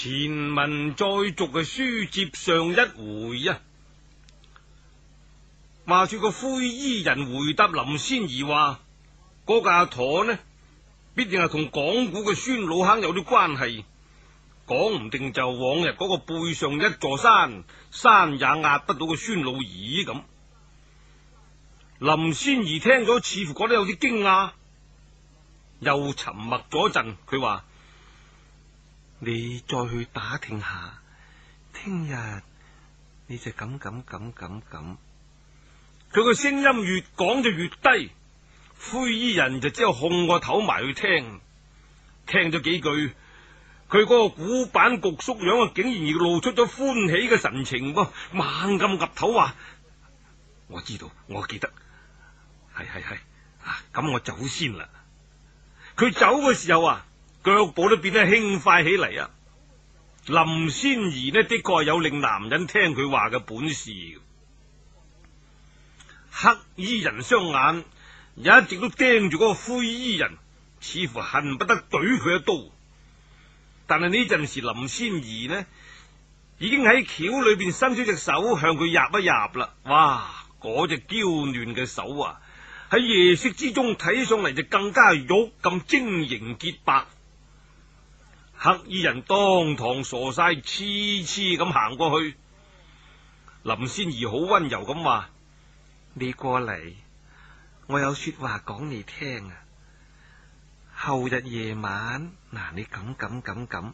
前文再續嘅書接上一回啊，話住個灰衣人回答林仙兒話：嗰架陀呢，必定係同講古嘅孫老坑有啲關係，講唔定就往日嗰個背上一座山，山也壓不到個孫老兒咁。林仙兒聽咗，似乎覺得有啲驚訝，又沉默咗一陣，佢話。你再去打聽下，聽日你就咁咁咁咁咁。佢個聲音越講就越低，灰衣人就只有控個頭埋去聽，聽咗幾句，佢嗰個古板局縮樣啊，竟然亦露出咗歡喜嘅神情噃，猛咁岌頭話：我知道，我記得，係係係，咁、啊、我走先啦。佢走嘅時候啊。腳步都變得輕快起嚟啊！林仙兒呢的確有令男人聽佢話嘅本事。黑衣人雙眼一直都盯住嗰個灰衣人，似乎恨不得懟佢一刀。但係呢陣時，林仙兒呢已經喺轎裏邊伸出隻手向佢壓一壓啦。哇！嗰隻嬌嫩嘅手啊，喺夜色之中睇上嚟就更加玉咁晶瑩潔白。黑衣人當堂傻晒，痴痴咁行過去。林仙兒好温柔咁話：你過嚟，我有說話講你聽啊。後日夜晚，嗱、啊、你咁咁咁咁。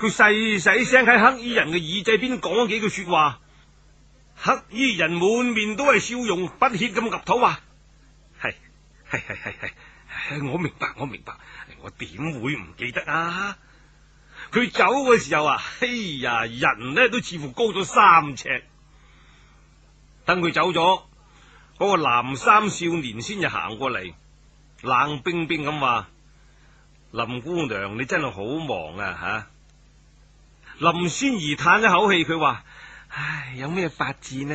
佢細細聲喺黑衣人嘅耳仔邊講咗幾句說話。黑衣人滿面都係笑容，不怯咁岌頭話：係係係係係，我明白，我明白，我點會唔記得啊？佢走嘅時候啊，哎呀，人呢都似乎高咗三尺。等佢走咗，嗰、那個南山少年先就行過嚟，冷冰冰咁話：林姑娘，你真係好忙啊吓、啊！林仙兒嘆一口氣，佢話：唉，有咩法子呢？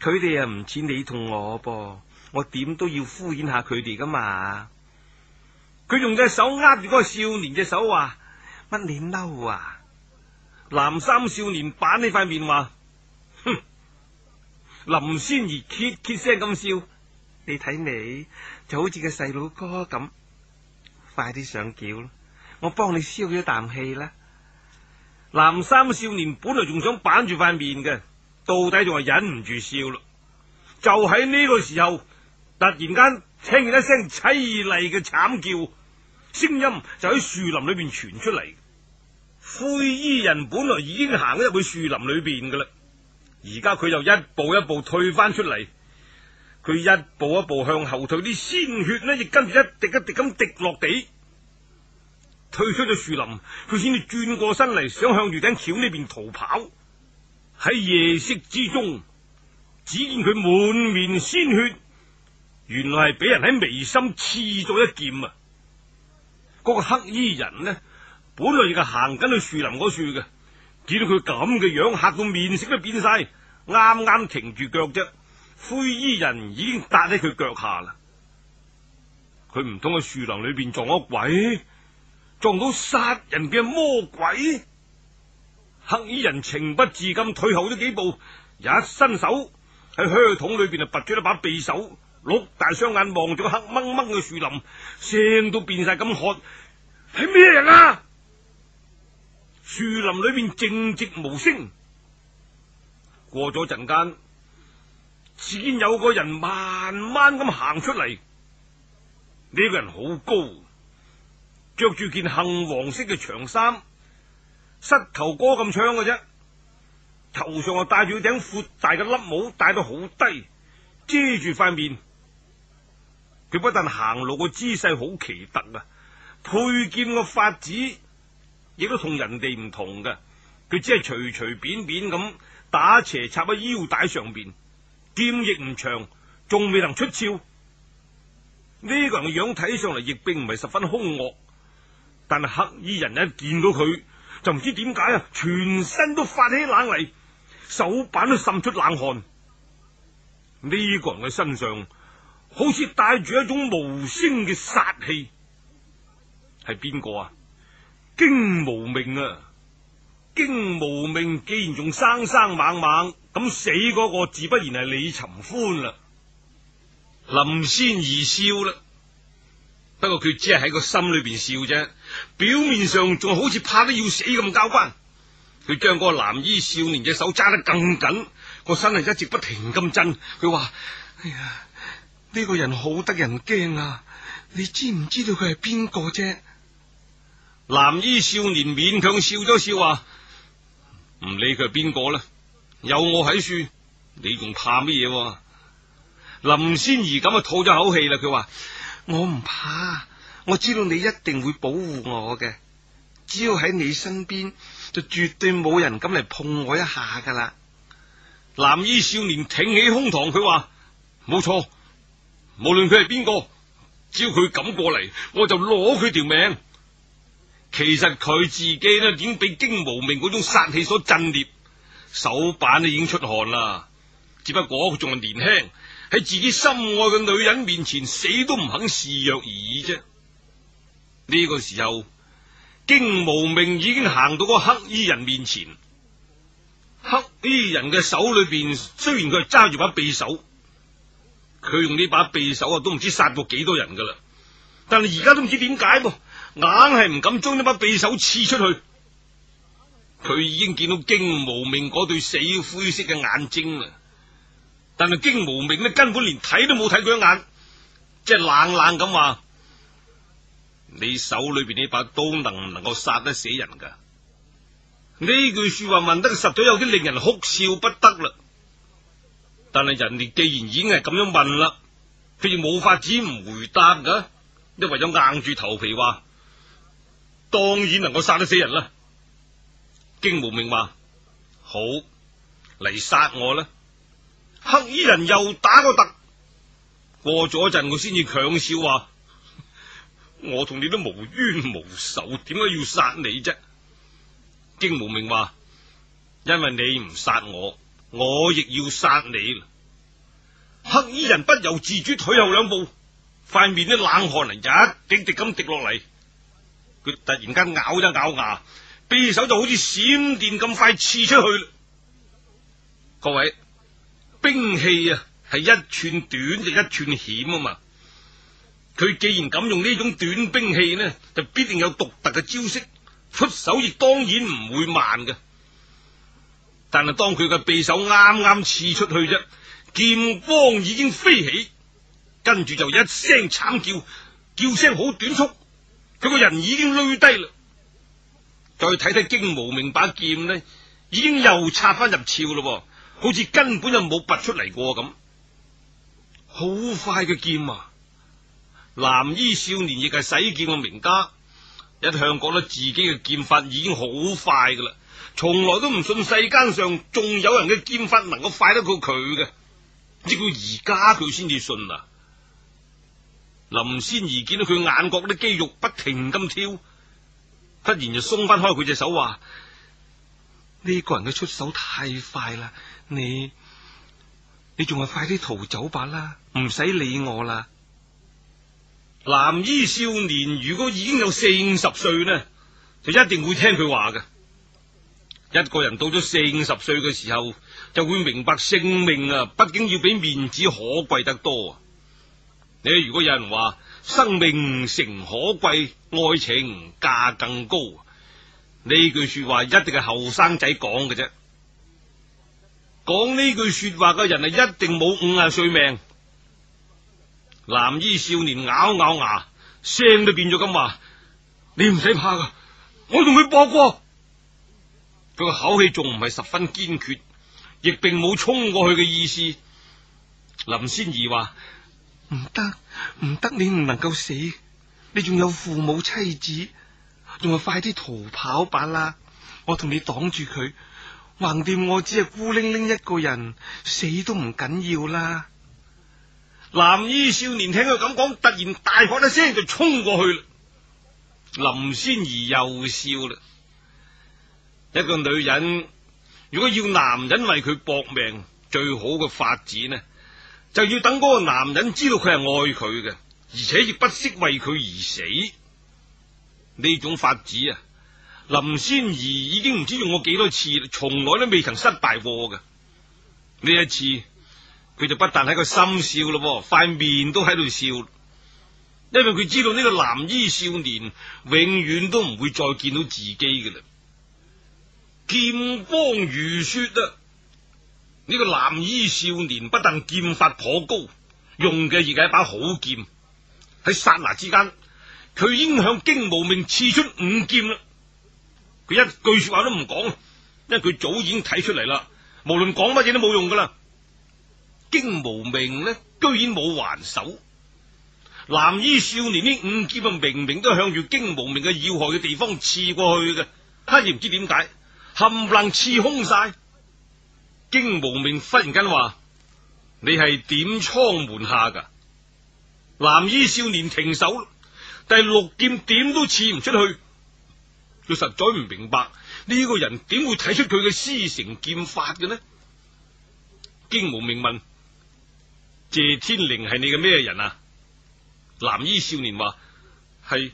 佢哋又唔似你同我噃，我點都要敷衍下佢哋噶嘛。佢、啊、用隻手握住嗰個少年隻手話。乜你嬲啊？藍衫少年板呢塊面話：哼！林仙兒揭揭聲咁笑，你睇你就好似個細佬哥咁。快啲上轎啦！我幫你消咗啖氣啦！藍衫少年本來仲想板住塊面嘅，到底仲係忍唔住笑咯。就喺呢個時候，突然間聽見一聲淒厲嘅慘叫，聲音就喺樹林裏邊傳出嚟。灰衣人本來已經行咗入去樹林裏邊噶啦，而家佢又一步一步退翻出嚟，佢一步一步向後退，啲鮮血呢亦跟住一滴一滴咁滴落地。退出咗樹林，佢先至轉過身嚟，想向月頂橋呢邊逃跑。喺夜色之中，只見佢滿面鮮血，原來係俾人喺眉心刺咗一劍啊！嗰、嗰個黑衣人呢？本來亦係行緊去樹林嗰處嘅，見到佢咁嘅樣嚇到面色都變晒，啱啱停住腳啫。灰衣人已經搭喺佢腳下啦，佢唔通喺樹林裏邊撞咗鬼，撞到殺人嘅魔鬼。黑衣人情不自禁退後咗幾步，一伸手喺靴筒裏邊就拔咗一把匕首，碌大雙眼望住個黑掹掹嘅樹林，聲都變晒咁喝：係咩人啊？樹林裏邊靜寂無聲，過咗陣間，只見有個人慢慢咁行出嚟。呢、這個人好高，着住件杏黃色嘅長衫，膝頭哥咁長嘅啫。頭上又戴住一頂闊大嘅笠帽，戴到好低，遮住塊面。佢不但行路個姿勢好奇特啊，佩劍個法子，亦都同人哋唔同嘅，佢只係隨隨便便咁打斜插喺腰帶上邊，劍亦唔長，仲未能出鞘。呢個人嘅樣睇上嚟，亦並唔係十分凶惡，但係黑衣人一見到佢，就唔知點解啊，全身都發起冷嚟，手板都滲出冷汗。呢個人嘅身上好似帶住一種無聲嘅殺氣，係邊個啊？驚無命啊！驚無命，既然仲生生猛猛，咁死嗰個自不然係李尋歡啦。林仙兒笑啦，不過佢只係喺個心裏邊笑啫，表面上仲好似怕得要死咁交關。佢將嗰個藍衣少年隻手揸得更緊，個身係一直不停咁震。佢話：哎呀，呢個人好得人驚啊！你知唔知道佢係邊個啫？藍衣少年勉強笑咗笑，話：唔理佢係邊個啦，有我喺處，你仲怕乜嘢？林仙兒咁啊，吐咗口氣啦。佢話：我唔怕，我知道你一定會保護我嘅。只要喺你身邊，就絕對冇人敢嚟碰我一下㗎啦。藍衣少年挺起胸膛，佢話：冇錯，無論佢係邊個，只要佢敢過嚟，我就攞佢條命。其實佢自己咧已經俾荊無命嗰種殺氣所震懾，手板都已經出汗啦。只不過佢仲係年輕，喺自己心愛嘅女人面前死都唔肯示弱而已啫。呢個時候，荊無命已經行到嗰黑衣人面前，黑衣人嘅手裏邊雖然佢係揸住把匕首，佢用呢把匕首啊都唔知殺過幾多人噶啦，但係而家都唔知點解噃。硬係唔敢將呢把匕首刺出去，佢已經見到荊無命嗰對死灰色嘅眼睛啦。但係荊無命呢根本連睇都冇睇佢一眼，即係冷冷咁話：你手裏邊呢把刀能唔能夠殺得死人噶？呢句說話問得實在有啲令人哭笑不得嘞。但係人哋既然已經係咁樣問啦，佢就冇法子唔回答噶，因為咗硬住頭皮話。當然能夠殺得死人啦！荊無命話：好嚟殺我啦！黑衣人又打個突，過咗一陣，我先至強笑話：我同你都無冤無仇，點解要殺你啫？荊無命話：因為你唔殺我，我亦要殺你啦！黑衣人不由自主退後兩步，塊面啲冷汗嚟一滴滴咁滴落嚟。佢突然間咬咗咬牙，匕首就好似閃電咁快刺出去。各位，兵器啊係一寸短就一寸險啊嘛。佢既然敢用呢種短兵器呢，就必定有獨特嘅招式，出手亦當然唔會慢㗎。但係當佢嘅匕首啱啱刺出去啫，劍光已經飛起，跟住就一聲慘叫，叫聲好短促。佢個人已經累低啦，再睇睇荊無命把劍呢，已經又插翻入鞘咯，好似根本就冇拔出嚟過咁。好快嘅劍啊！藍衣少年亦係使劍嘅名家，一向覺得自己嘅劍法已經好快㗎喇，從來都唔信世間上仲有人嘅劍法能夠快得過佢嘅，直到而家佢先至信啊！林仙兒見到佢眼角啲肌肉不停咁跳，忽然就鬆翻開佢隻手，話：呢個人嘅出手太快啦，你你仲係快啲逃走吧啦，唔使理我啦。藍衣少年如果已經有四十歲呢，就一定會聽佢話嘅。一個人到咗四十歲嘅時候，就會明白性命啊，畢竟要比面子可貴得多啊。你如果有人話生命誠可貴，愛情價更高，呢句說話一定係後生仔講嘅啫。講呢句說話嘅人係一定冇五廿歲命。藍衣少年咬咬牙，聲都變咗咁話：你唔使怕噶，我同佢搏過、哦。佢個口氣仲唔係十分堅決，亦並冇衝過去嘅意思。林仙兒話。唔得唔得，你唔能夠死，你仲有父母妻子，仲係快啲逃跑吧啦！我同你擋住佢，橫掂我只係孤零零一個人，死都唔緊要啦。藍衣少年聽佢咁講，突然大喝一聲就衝過去啦。林仙兒又笑啦，一個女人如果要男人為佢搏命，最好嘅發展呢？就要等嗰個男人知道佢係愛佢嘅，而且亦不惜為佢而死。呢種法子啊，林仙兒已經唔知用過幾多次，從來都未曾失敗過嘅。呢一次，佢就不但喺個心笑咯，塊面都喺度笑，因為佢知道呢個藍衣少年永遠都唔會再見到自己嘅啦。劍光如雪啊！呢個藍衣少年不但劍法頗高，用嘅亦係一把好劍。喺剎那之間，佢已經向荊無命刺出五劍啦。佢一句說話都唔講，因為佢早已經睇出嚟啦，無論講乜嘢都冇用噶啦。荊無命呢，居然冇還手。藍衣少年呢五劍啊，明明都向住荊無命嘅要害嘅地方刺過去嘅，但係唔知點解，冚唪唥刺空晒。荊無命忽然間話：你係點倉門下噶？藍衣少年停手，第六劍點都刺唔出去。佢實在唔明白呢、這個人點會睇出佢嘅師承劍法嘅呢？荊無命問：謝天靈係你嘅咩人啊？藍衣少年話：係，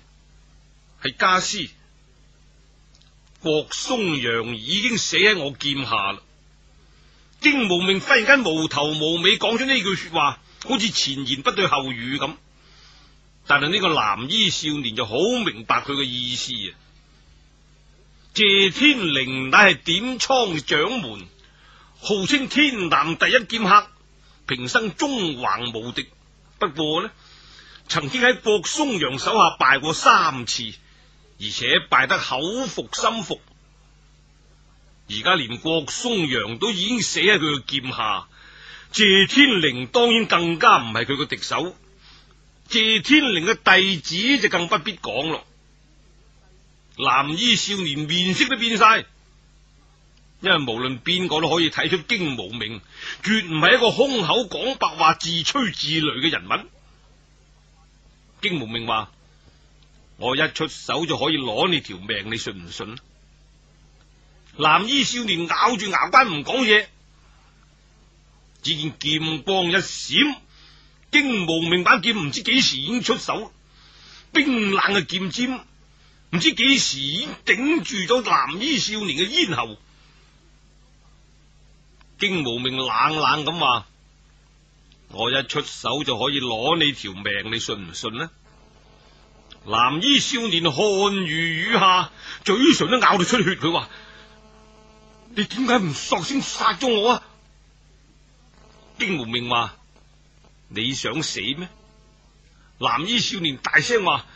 係家師郭嵩陽已經死喺我劍下啦。荊無命忽然間無頭無尾講咗呢句說話，好似前言不對後語咁。但係呢個藍衣少年就好明白佢嘅意思啊！謝天靈乃係點蒼掌門，號稱天南第一劍客，平生縱橫無敵。不過呢，曾經喺郭松陽手下敗過三次，而且敗得口服心服。而家連郭嵩陽都已經死喺佢嘅劍下，謝天靈當然更加唔係佢嘅敵手，謝天靈嘅弟子就更不必講咯。藍衣少年面色都變晒，因為無論邊個都可以睇出無名，荊無命絕唔係一個空口講白話、自吹自擂嘅人物。荊無命話：我一出手就可以攞你條命，你信唔信？藍衣少年咬住牙關唔講嘢，只見劍光一閃，荊無名把劍唔知幾時已經出手，冰冷嘅劍尖唔知幾時已經頂住咗藍衣少年嘅咽喉。荊無名冷冷咁話：我一出手就可以攞你條命，你信唔信呢？藍衣少年汗如雨下，嘴唇都咬到出血，佢話。你點解唔索性殺咗我啊？荊無命話：你想死咩？藍衣少年大聲話：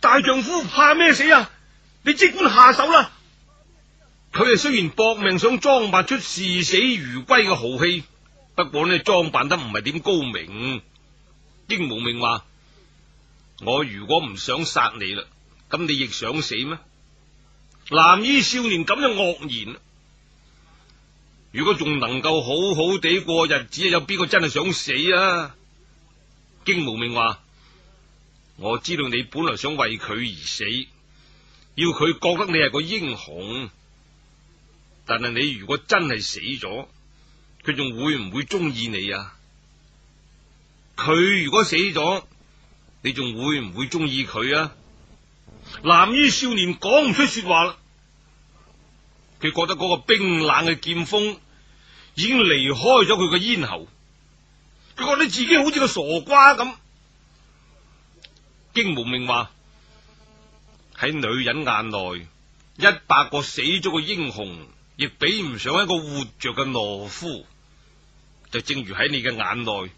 大丈夫怕咩死啊？你即管下手啦！佢啊雖然搏命想裝扮出視死如歸嘅豪氣，不過呢裝扮得唔係點高明。荊無命話：我如果唔想殺你啦，咁你亦想死咩？藍衣少年咁就愕然。如果仲能夠好好地過日子，有邊個真係想死啊？荊無命話：我知道你本來想為佢而死，要佢覺得你係個英雄。但係你如果真係死咗，佢仲會唔會中意你啊？佢如果死咗，你仲會唔會中意佢啊？藍衣少年講唔出說話啦。佢覺得嗰個冰冷嘅劍鋒已經離開咗佢嘅咽喉，佢覺得自己好似個傻瓜咁。荊無命話：喺女人眼內，一百個死咗嘅英雄，亦比唔上一個活着嘅懦夫；就正如喺你嘅眼內，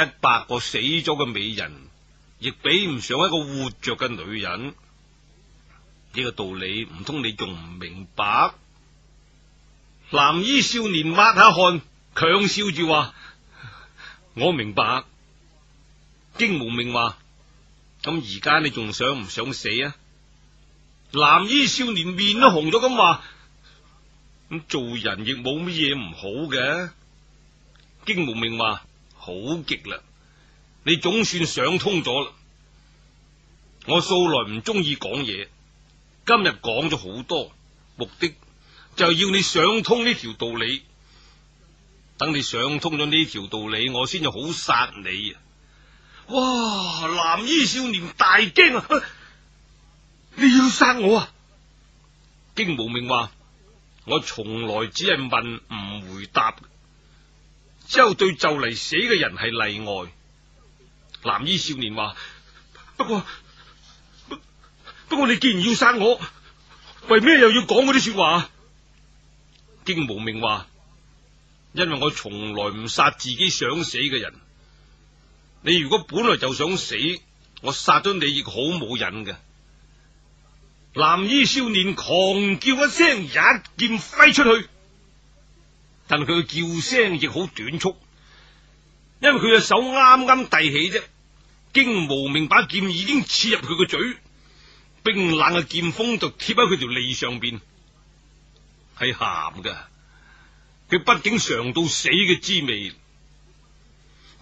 一百個死咗嘅美人，亦比唔上一個活着嘅女人。呢、這個道理唔通你仲唔明白？藍衣少年抹下汗，強笑住話：我明白。荊無命話：咁而家你仲想唔想死啊？藍衣少年面都紅咗，咁話：咁做人亦冇乜嘢唔好嘅。荊無命話：好極啦，你總算想通咗啦。我素來唔中意講嘢，今日講咗好多，目的，就要你想通呢條道理，等你想通咗呢條道理，我先至好殺你。啊。哇！藍衣少年大驚、啊，啊，你要殺我？啊？荊無命話：我從來只係問唔回答，只有對就嚟死嘅人係例外。藍衣少年話：不過不,不過你既然要殺我，為咩又要講啲說話？驚無名話：因為我從來唔殺自己想死嘅人。你如果本來就想死，我殺咗你亦好冇癮嘅。藍衣少年狂叫一聲，一劍揮出去。但佢嘅叫聲亦好短促，因為佢嘅手啱啱提起啫。驚無名把劍已經刺入佢嘅嘴，冰冷嘅劍鋒就貼喺佢條脷上邊。係咸噶，佢畢竟嘗到死嘅滋味。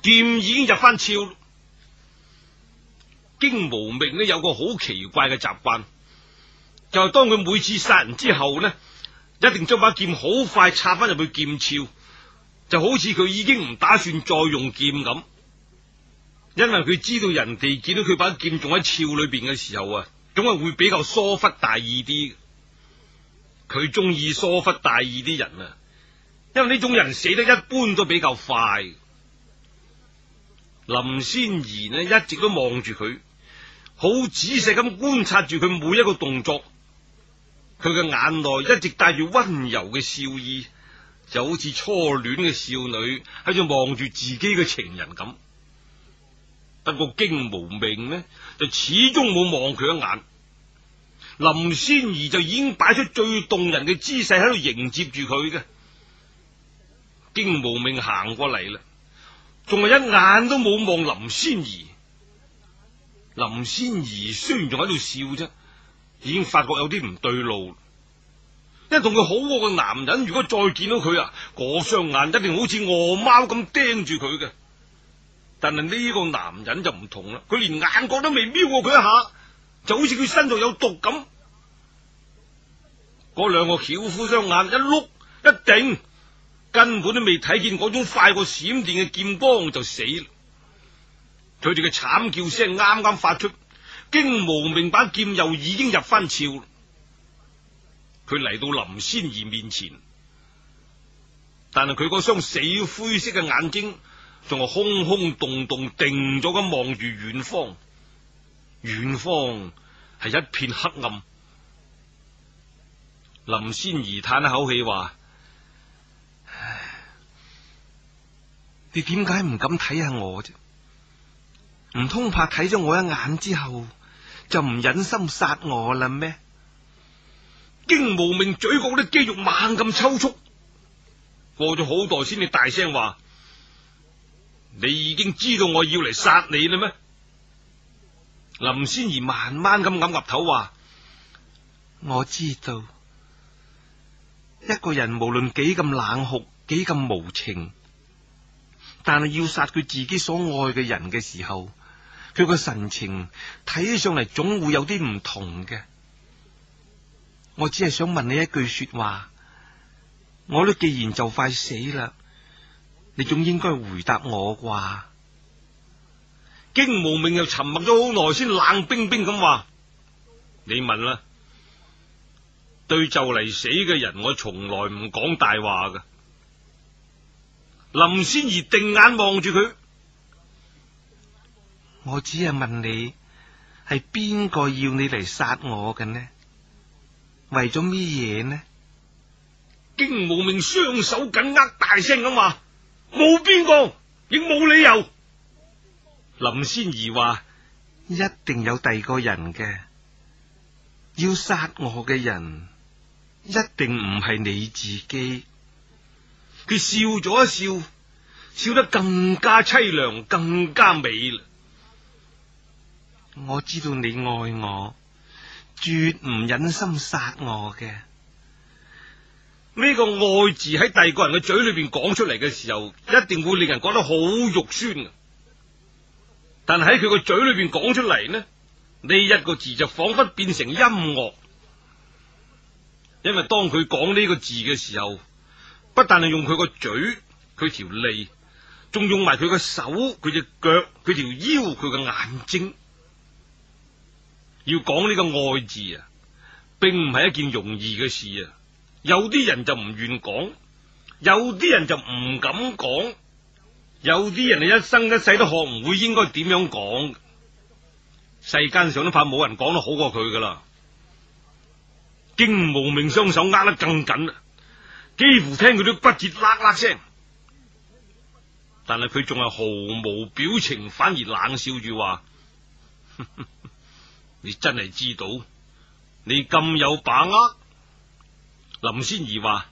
劍已經入翻鞘，荊無命咧有個好奇怪嘅習慣，就係、是、當佢每次殺人之後咧，一定將把劍好快插翻入去劍鞘，就好似佢已經唔打算再用劍咁。因為佢知道人哋見到佢把劍仲喺鞘裏邊嘅時候啊，總係會比較疏忽大意啲。佢中意疏忽大意啲人啊，因為呢種人死得一般都比較快。林仙兒呢一直都望住佢，好仔細咁觀察住佢每一個動作。佢嘅眼內一直帶住溫柔嘅笑意，就好似初戀嘅少女喺度望住自己嘅情人咁。不過荊無命呢就始終冇望佢一眼。林仙兒就已經擺出最動人嘅姿勢喺度迎接住佢嘅。荊無命行過嚟，啦，仲係一眼都冇望林仙兒。林仙兒雖然仲喺度笑啫，已經發覺有啲唔對路。因為同佢好過嘅男人，如果再見到佢啊，嗰雙眼一定好似餓貓咁盯住佢嘅。但係呢個男人就唔同啦，佢連眼角都未瞄過佢一下。就好似佢身上有毒咁，嗰兩個轎夫雙眼一碌一頂，根本都未睇見嗰種快過閃電嘅劍光就死啦。佢哋嘅慘叫聲啱啱發出，荊無命把劍又已經入翻鞘。佢嚟到林仙兒面前，但係佢嗰雙死灰色嘅眼睛仲係空空洞洞定咗咁望住遠方。遠方係一片黑暗。林仙兒嘆一口氣話：唉，你點解唔敢睇下我啫？唔通怕睇咗我一眼之後就唔忍心殺我啦咩？驚無名嘴角啲肌肉猛咁抽搐，過咗好耐先至大聲話：你已經知道我要嚟殺你啦咩？林仙兒慢慢咁咁岌頭話：我知道一個人無論幾咁冷酷，幾咁無情，但係要殺佢自己所愛嘅人嘅時候，佢個神情睇起上嚟總會有啲唔同嘅。我只係想問你一句說話，我呢既然就快死啦，你總應該回答我啩？荊無名又沉默咗好耐，先冷冰冰咁話：你問啦，對就嚟死嘅人，我從來唔講大話噶。林仙兒定眼望住佢，我只係問你係邊個要你嚟殺我嘅呢？為咗咩嘢呢？荊無名雙手緊握，大聲咁話：冇邊個，亦冇理由。林仙兒話：一定有第二個人嘅，要殺我嘅人一定唔係你自己。佢笑咗一笑，笑得更加凄涼，更加美啦。我知道你愛我，絕唔忍心殺我嘅。呢個愛字喺第二個人嘅嘴裏邊講出嚟嘅時候，一定會令人覺得好肉酸。但喺佢個嘴裏邊講出嚟，呢呢一個字就仿佛變成音樂，因為當佢講呢個字嘅時候，不但係用佢個嘴、佢條脷，仲用埋佢個手、佢隻腳、佢條腰、佢個眼睛，要講呢個愛字啊，並唔係一件容易嘅事啊！有啲人就唔願講，有啲人就唔敢講。有啲人係一生一世都學唔會應該點樣講，世間上都怕冇人講得好過佢噶啦。荊無命雙手握得更緊啦，幾乎聽佢啲骨折啦啦聲，但係佢仲係毫無表情，反而冷笑住話：你真係知道，你咁有把握？林仙兒話：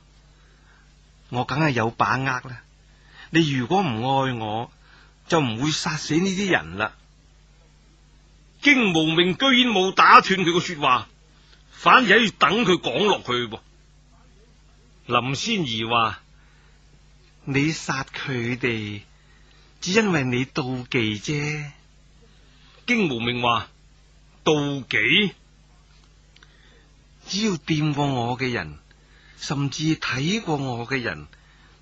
我梗係有把握啦。你如果唔愛我，就唔會殺死呢啲人啦。荊無命居然冇打斷佢個說話，反而喺度等佢講落去。林仙兒話：你殺佢哋，只因為你妒忌啫。荊無命話：妒忌？只要掂過我嘅人，甚至睇過我嘅人。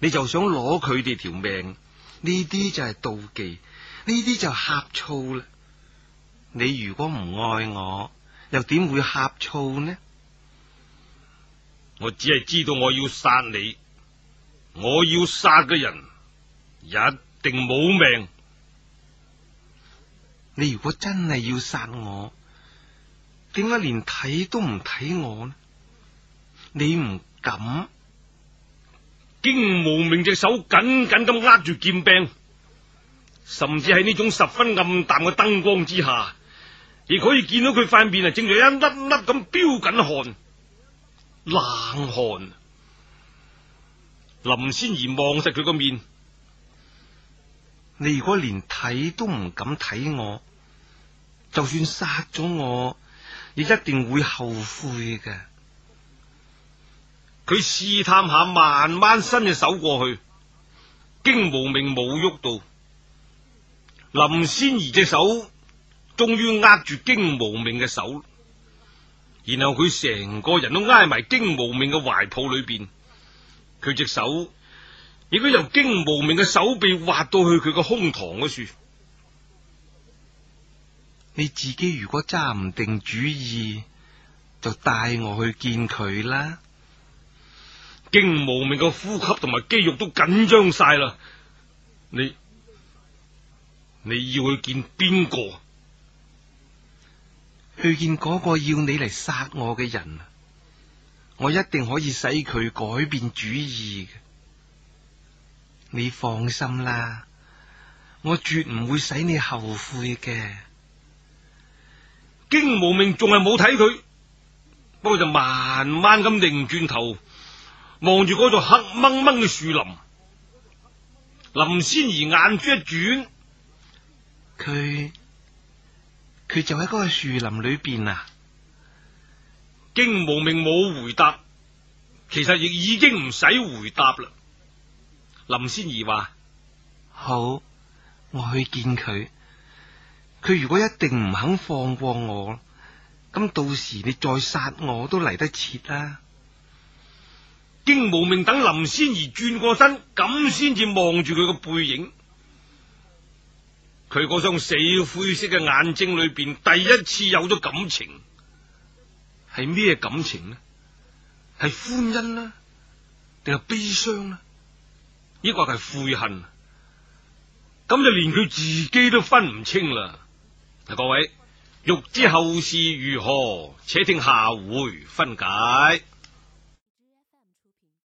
你就想攞佢哋條命？呢啲就係妒忌，呢啲就係呷醋啦。你如果唔愛我，又點會呷醋呢？我只係知道我要殺你，我要殺嘅人一定冇命。你如果真係要殺我，點解連睇都唔睇我呢？你唔敢。經無名隻手緊緊咁握住劍柄，甚至喺呢種十分暗淡嘅燈光之下，亦可以見到佢塊面啊，正在一粒粒咁飆緊汗，冷汗。林仙兒望實佢個面，你如果連睇都唔敢睇我，就算殺咗我，你一定會後悔嘅。佢試探下，慢慢伸隻手過去，荊無命冇喐到，林仙兒隻手終於握住荊無命嘅手，然後佢成個人都挨埋荊無命嘅懷抱裏邊，佢隻手如果由荊無命嘅手臂滑到去佢個胸膛嗰處，你自己如果揸唔定主意，就帶我去見佢啦。驚無命嘅呼吸同埋肌肉都緊張晒啦！你，你要去見邊個？去見嗰個要你嚟殺我嘅人？我一定可以使佢改變主意嘅。你放心啦，我絕唔會使你後悔嘅。驚無命仲係冇睇佢，不過就慢慢咁擰轉頭。望住嗰座黑蒙蒙嘅樹林，林仙兒眼珠一轉，佢佢就喺嗰個樹林裏邊啊！驚無命冇回答，其實亦已經唔使回答啦。林仙兒話：好，我去見佢。佢如果一定唔肯放過我，咁到時你再殺我都嚟得切啦。荊無命等林仙兒轉過身，咁先至望住佢個背影。佢嗰雙死灰色嘅眼睛裏邊，第一次有咗感情，係咩感情呢？係歡欣啦，定係悲傷呢？呢個係悔恨？咁就連佢自己都分唔清啦。嗱，各位欲知後事如何，且聽下回分解。